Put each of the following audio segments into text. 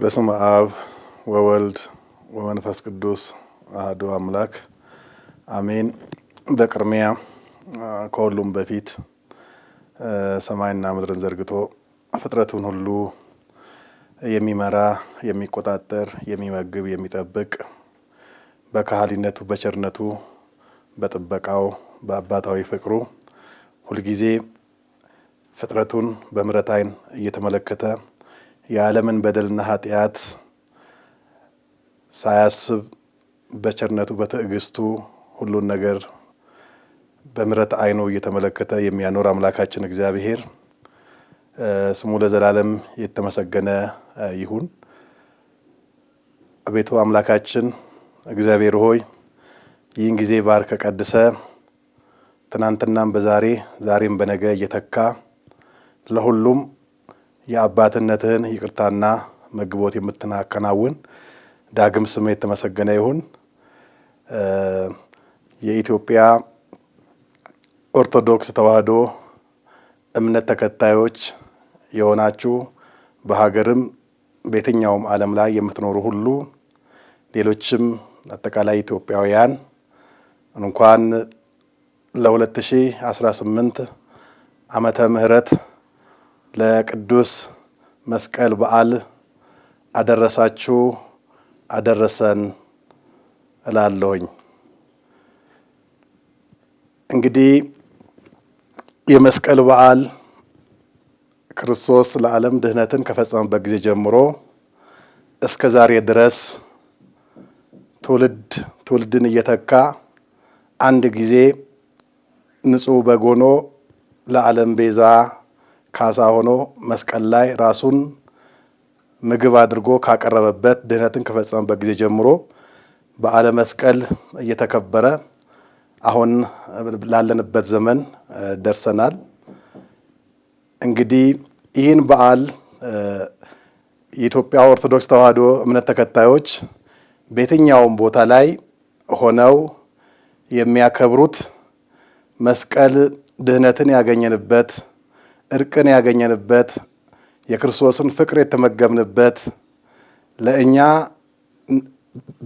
በስም አብ ወወልድ ወመንፈስ ቅዱስ አህዶ አምላክ አሜን። በቅድሚያ ከሁሉም በፊት ሰማይና ምድርን ዘርግቶ ፍጥረቱን ሁሉ የሚመራ የሚቆጣጠር፣ የሚመግብ፣ የሚጠብቅ በካህሊነቱ በቸርነቱ በጥበቃው በአባታዊ ፍቅሩ ሁልጊዜ ፍጥረቱን በምሕረት ዓይን እየተመለከተ የዓለምን በደልና ኃጢአት ሳያስብ በቸርነቱ በትዕግስቱ ሁሉን ነገር በምሕረት አይኑ እየተመለከተ የሚያኖር አምላካችን እግዚአብሔር ስሙ ለዘላለም የተመሰገነ ይሁን። አቤቱ አምላካችን እግዚአብሔር ሆይ ይህን ጊዜ ባርከ ቀድሰ ትናንትናም በዛሬ ዛሬም በነገ እየተካ ለሁሉም የአባትነትህን ይቅርታና መግቦት የምትናከናውን ዳግም ስሜት የተመሰገነ ይሁን። የኢትዮጵያ ኦርቶዶክስ ተዋህዶ እምነት ተከታዮች የሆናችሁ በሀገርም በየትኛውም ዓለም ላይ የምትኖሩ ሁሉ ሌሎችም አጠቃላይ ኢትዮጵያውያን እንኳን ለ2018 ዓመተ ምሕረት ለቅዱስ መስቀል በዓል አደረሳችሁ አደረሰን እላለሁኝ። እንግዲህ የመስቀል በዓል ክርስቶስ ለዓለም ድህነትን ከፈጸመበት ጊዜ ጀምሮ እስከ ዛሬ ድረስ ትውልድ ትውልድን እየተካ አንድ ጊዜ ንጹሕ በጎኖ ለዓለም ቤዛ ካሳ ሆኖ መስቀል ላይ ራሱን ምግብ አድርጎ ካቀረበበት ድህነትን ከፈጸመበት ጊዜ ጀምሮ በዓለ መስቀል እየተከበረ አሁን ላለንበት ዘመን ደርሰናል። እንግዲህ ይህን በዓል የኢትዮጵያ ኦርቶዶክስ ተዋሕዶ እምነት ተከታዮች በየትኛውም ቦታ ላይ ሆነው የሚያከብሩት መስቀል ድህነትን ያገኘንበት እርቅን ያገኘንበት የክርስቶስን ፍቅር የተመገብንበት ለእኛ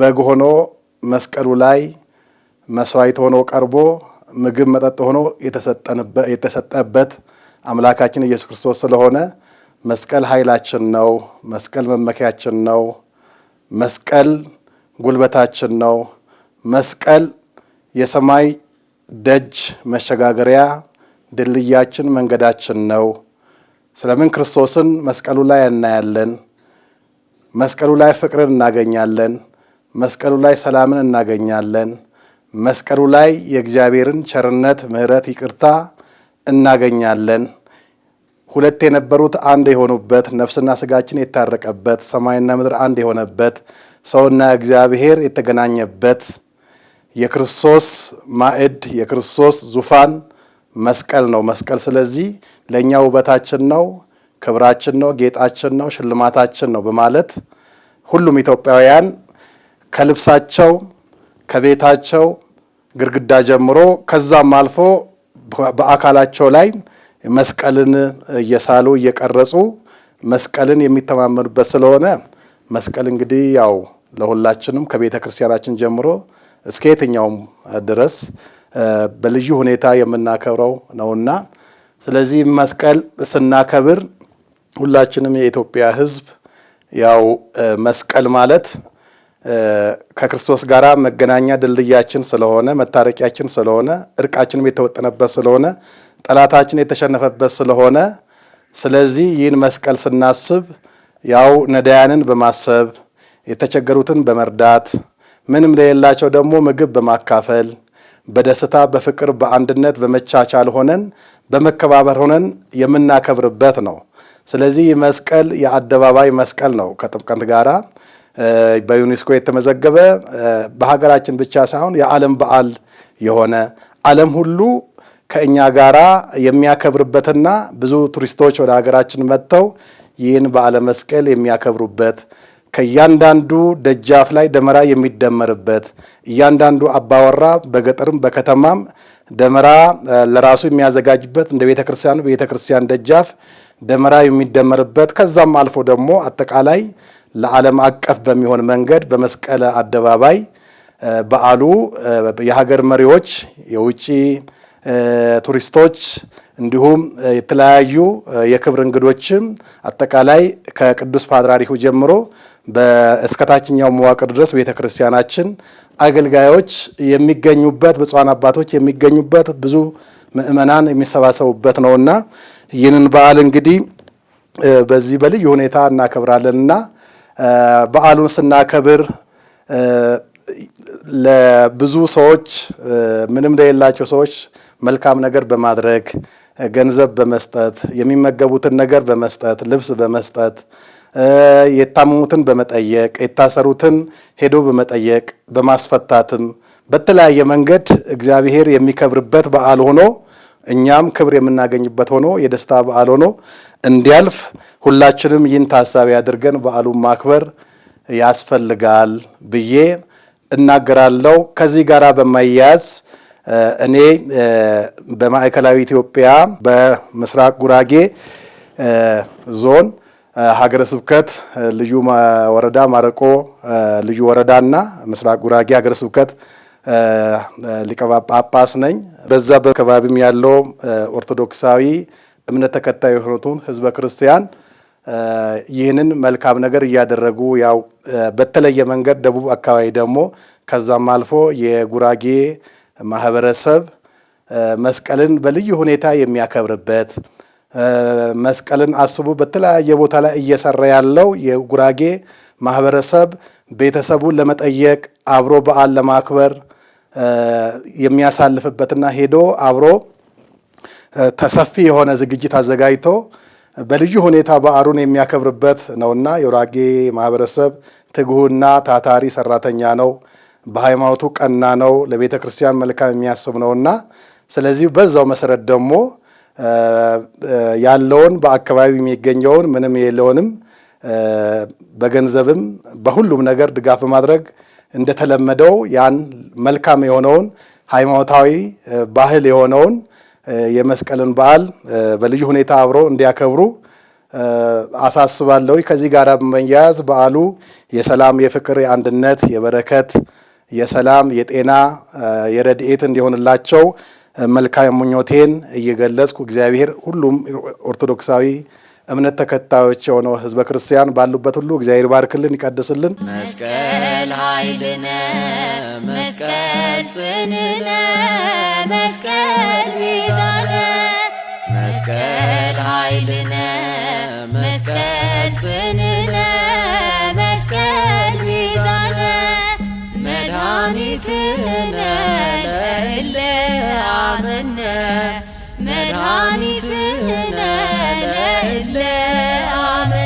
በግ ሆኖ መስቀሉ ላይ መስዋዕት ሆኖ ቀርቦ ምግብ መጠጥ ሆኖ የተሰጠበት አምላካችን ኢየሱስ ክርስቶስ ስለሆነ መስቀል ኃይላችን ነው። መስቀል መመኪያችን ነው። መስቀል ጉልበታችን ነው። መስቀል የሰማይ ደጅ መሸጋገሪያ ድልድያችን መንገዳችን ነው። ስለምን ክርስቶስን መስቀሉ ላይ እናያለን። መስቀሉ ላይ ፍቅርን እናገኛለን። መስቀሉ ላይ ሰላምን እናገኛለን። መስቀሉ ላይ የእግዚአብሔርን ቸርነት፣ ምሕረት፣ ይቅርታ እናገኛለን። ሁለት የነበሩት አንድ የሆኑበት ነፍስና ስጋችን የታረቀበት ሰማይና ምድር አንድ የሆነበት ሰውና እግዚአብሔር የተገናኘበት የክርስቶስ ማዕድ የክርስቶስ ዙፋን መስቀል ነው። መስቀል ስለዚህ ለእኛ ውበታችን ነው፣ ክብራችን ነው፣ ጌጣችን ነው፣ ሽልማታችን ነው በማለት ሁሉም ኢትዮጵያውያን ከልብሳቸው ከቤታቸው ግድግዳ ጀምሮ ከዛም አልፎ በአካላቸው ላይ መስቀልን እየሳሉ እየቀረጹ መስቀልን የሚተማመኑበት ስለሆነ መስቀል እንግዲህ ያው ለሁላችንም ከቤተ ክርስቲያናችን ጀምሮ እስከ የትኛውም ድረስ በልዩ ሁኔታ የምናከብረው ነውና ስለዚህ መስቀል ስናከብር ሁላችንም የኢትዮጵያ ሕዝብ ያው መስቀል ማለት ከክርስቶስ ጋር መገናኛ ድልድያችን ስለሆነ መታረቂያችን ስለሆነ እርቃችንም የተወጠነበት ስለሆነ ጠላታችን የተሸነፈበት ስለሆነ ስለዚህ ይህን መስቀል ስናስብ ያው ነዳያንን በማሰብ የተቸገሩትን በመርዳት ምንም ለሌላቸው ደግሞ ምግብ በማካፈል በደስታ በፍቅር በአንድነት በመቻቻል ሆነን በመከባበር ሆነን የምናከብርበት ነው። ስለዚህ መስቀል የአደባባይ መስቀል ነው። ከጥምቀት ጋራ በዩኔስኮ የተመዘገበ በሀገራችን ብቻ ሳይሆን የዓለም በዓል የሆነ ዓለም ሁሉ ከእኛ ጋራ የሚያከብርበትና ብዙ ቱሪስቶች ወደ ሀገራችን መጥተው ይህን በዓለ መስቀል የሚያከብሩበት ከእያንዳንዱ ደጃፍ ላይ ደመራ የሚደመርበት እያንዳንዱ አባወራ በገጠርም በከተማም ደመራ ለራሱ የሚያዘጋጅበት እንደ ቤተ ክርስቲያኑ ቤተ ክርስቲያን ደጃፍ ደመራ የሚደመርበት ከዛም አልፎ ደግሞ አጠቃላይ ለዓለም አቀፍ በሚሆን መንገድ በመስቀል አደባባይ በዓሉ የሀገር መሪዎች፣ የውጭ ቱሪስቶች እንዲሁም የተለያዩ የክብር እንግዶችም አጠቃላይ ከቅዱስ ፓትርያርኩ ጀምሮ እስከታችኛው መዋቅር ድረስ ቤተ ክርስቲያናችን አገልጋዮች የሚገኙበት ብፁዓን አባቶች የሚገኙበት ብዙ ምእመናን የሚሰባሰቡበት ነውና ይህንን በዓል እንግዲህ በዚህ በልዩ ሁኔታ እናከብራለንና በዓሉን ስናከብር ለብዙ ሰዎች ምንም ለሌላቸው ሰዎች መልካም ነገር በማድረግ ገንዘብ በመስጠት የሚመገቡትን ነገር በመስጠት ልብስ በመስጠት የታመሙትን በመጠየቅ የታሰሩትን ሄዶ በመጠየቅ በማስፈታትም በተለያየ መንገድ እግዚአብሔር የሚከብርበት በዓል ሆኖ እኛም ክብር የምናገኝበት ሆኖ የደስታ በዓል ሆኖ እንዲያልፍ ሁላችንም ይህን ታሳቢ አድርገን በዓሉን ማክበር ያስፈልጋል ብዬ እናገራለሁ። ከዚህ ጋር በማያያዝ እኔ በማዕከላዊ ኢትዮጵያ በምስራቅ ጉራጌ ዞን ሀገረ ስብከት ልዩ ወረዳ ማረቆ ልዩ ወረዳና ምስራቅ ጉራጌ ሀገረ ስብከት ሊቀ ጳጳስ ነኝ። በዛ በአካባቢም ያለው ኦርቶዶክሳዊ እምነት ተከታይ የሆኑትን ህዝበ ክርስቲያን ይህንን መልካም ነገር እያደረጉ ያው በተለየ መንገድ ደቡብ አካባቢ ደግሞ ከዛም አልፎ የጉራጌ ማህበረሰብ መስቀልን በልዩ ሁኔታ የሚያከብርበት መስቀልን አስቡ በተለያየ ቦታ ላይ እየሰራ ያለው የጉራጌ ማህበረሰብ ቤተሰቡን ለመጠየቅ አብሮ በዓል ለማክበር የሚያሳልፍበትና ሄዶ አብሮ ተሰፊ የሆነ ዝግጅት አዘጋጅቶ በልዩ ሁኔታ በዓሉን የሚያከብርበት ነውና የጉራጌ ማህበረሰብ ትጉህና ታታሪ ሰራተኛ ነው። በሃይማኖቱ ቀና ነው፣ ለቤተ ክርስቲያን መልካም የሚያስብ ነውና ስለዚህ በዛው መሰረት ደግሞ ያለውን በአካባቢ የሚገኘውን ምንም የለውንም በገንዘብም በሁሉም ነገር ድጋፍ በማድረግ እንደተለመደው ያን መልካም የሆነውን ሃይማኖታዊ ባህል የሆነውን የመስቀልን በዓል በልዩ ሁኔታ አብሮ እንዲያከብሩ አሳስባለሁ። ከዚህ ጋር በመያያዝ በዓሉ የሰላም፣ የፍቅር፣ የአንድነት፣ የበረከት የሰላም የጤና የረድኤት እንዲሆንላቸው መልካም ምኞቴን እየገለጽኩ እግዚአብሔር ሁሉም ኦርቶዶክሳዊ እምነት ተከታዮች የሆነው ህዝበ ክርስቲያን ባሉበት ሁሉ እግዚአብሔር ባርክልን፣ ይቀድስልን። መስቀል ኃይልነ መስቀል ጽንነ መስቀል ቤዛነ መስቀል ኃይልነ መስቀል ጽንነ መድኃኒትነ ለዓለምነ መድኃኒትነ